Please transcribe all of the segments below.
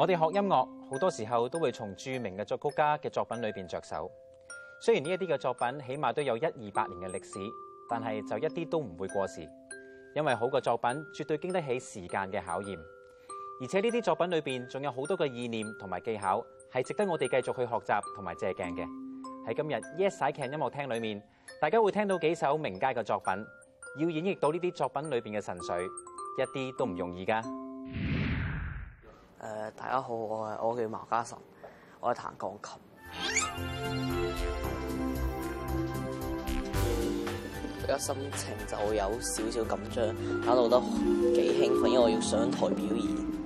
我哋學音樂，好多時候都會從著名嘅作曲家嘅作品裏邊着手。雖然呢一啲嘅作品起碼都有一二百年嘅歷史，但係就一啲都唔會過時，因為好嘅作品絕對經得起時間嘅考驗。而且呢啲作品裏邊仲有好多嘅意念同埋技巧，係值得我哋繼續去學習同埋借鏡嘅。喺今日 Yes I Can 音樂廳裏面，大家會聽到幾首名家嘅作品，要演繹到呢啲作品裏邊嘅神髓，一啲都唔容易㗎。呃，大家好，我係我叫毛嘉臣，我係彈鋼琴。而家心情就有少少緊張，搞到我覺得幾興奮，因為我要上台表演。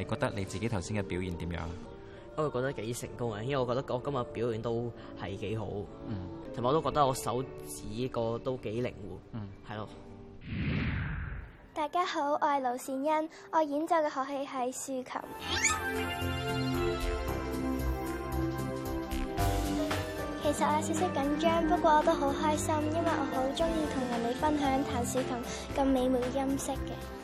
你覺得你自己頭先嘅表現點樣？我會覺得幾成功嘅，因為我覺得我今日表現都係幾好，同、嗯、埋我都覺得我手指個都幾靈活。嗯，係咯。大家好，我係盧善恩，我演奏嘅樂器係豎琴、嗯。其實我有少少緊張，不過我都好開心，因為我好中意同人哋分享彈豎琴咁美妙嘅音色嘅。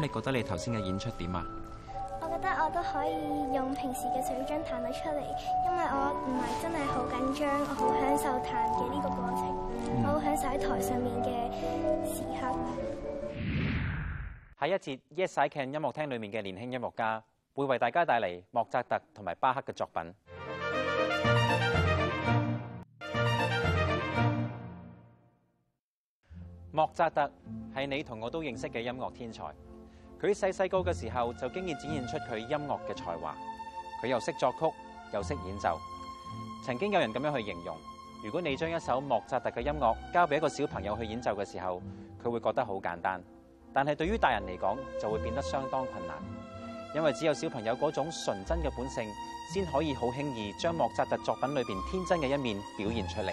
你覺得你頭先嘅演出點啊？我覺得我都可以用平時嘅水準彈到出嚟，因為我唔係真係好緊張，我好享受彈嘅呢個過程，嗯，我好享受喺台上面嘅時刻。下一節 Yes，I，Can 音樂廳裏面嘅年輕音樂家，會為大家帶嚟莫扎特同埋巴克嘅作品，嗯。莫扎特係你同我都認識嘅音樂天才。佢細細個嘅時候就經已展現出佢音樂嘅才華，佢又識作曲又識演奏。曾經有人咁樣去形容：如果你將一首莫扎特嘅音樂交俾一個小朋友去演奏嘅時候，佢會覺得好簡單；但係對於大人嚟講就會變得相當困難，因為只有小朋友嗰種純真嘅本性，先可以好輕易將莫扎特作品裏邊天真嘅一面表現出嚟。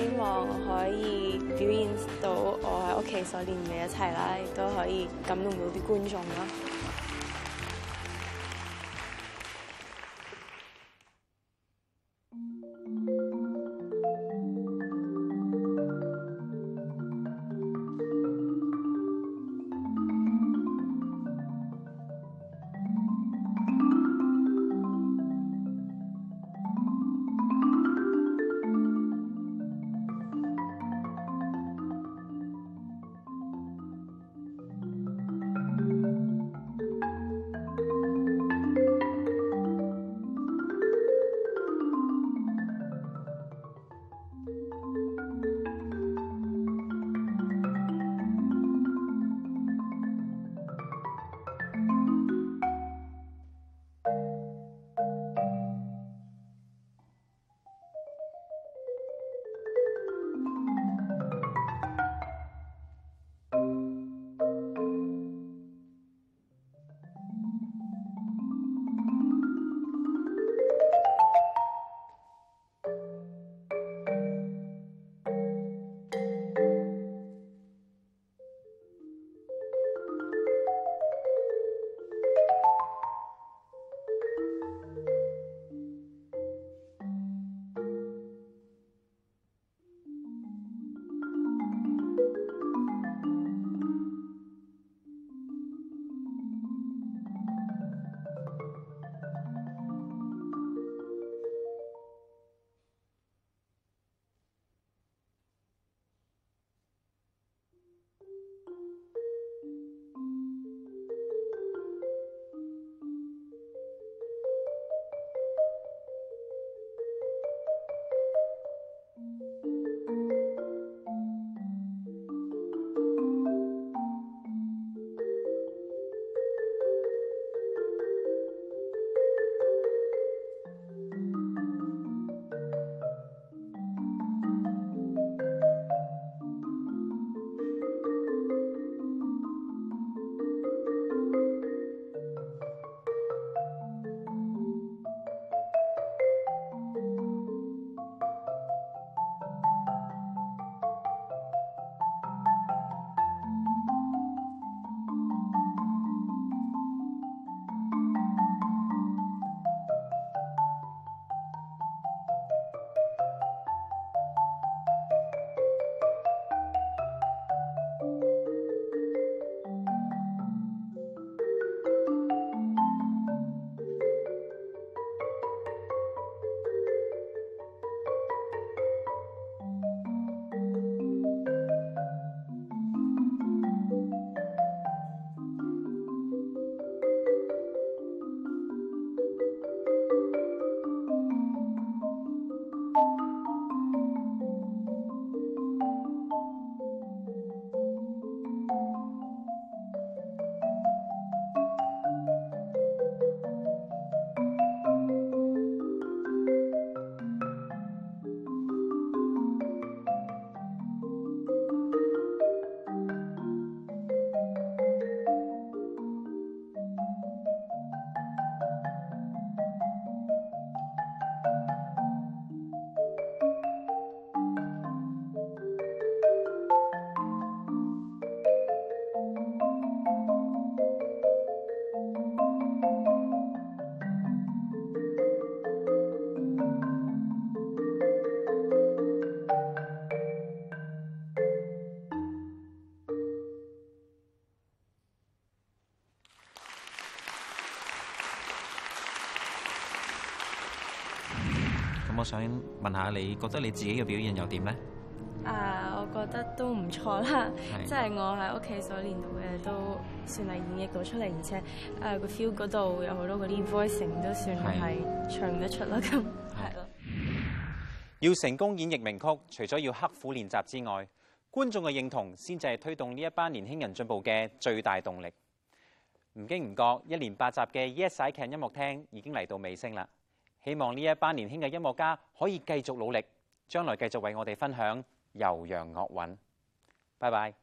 希望可以表演到我喺屋企所練嘅一切啦，亦都可以感動到啲觀眾啦。我想問下你，你覺得你自己嘅表現又點呢？啊、uh，我覺得都唔錯啦，即係、就是、我喺屋企所練到嘅都算係演繹到出嚟，而且誒個 feel 嗰度有好多嗰啲 voicing 都算係唱得出啦，咁係咯。要成功演繹名曲，除咗要刻苦練習之外，觀眾嘅認同先至係推動呢一班年輕人進步嘅最大動力。唔經唔覺，一連八集嘅《Yes I Can 音樂廳》已經嚟到尾聲啦。希望呢一班年輕嘅音樂家可以繼續努力，將來繼續為我哋分享悠揚樂韻。拜拜。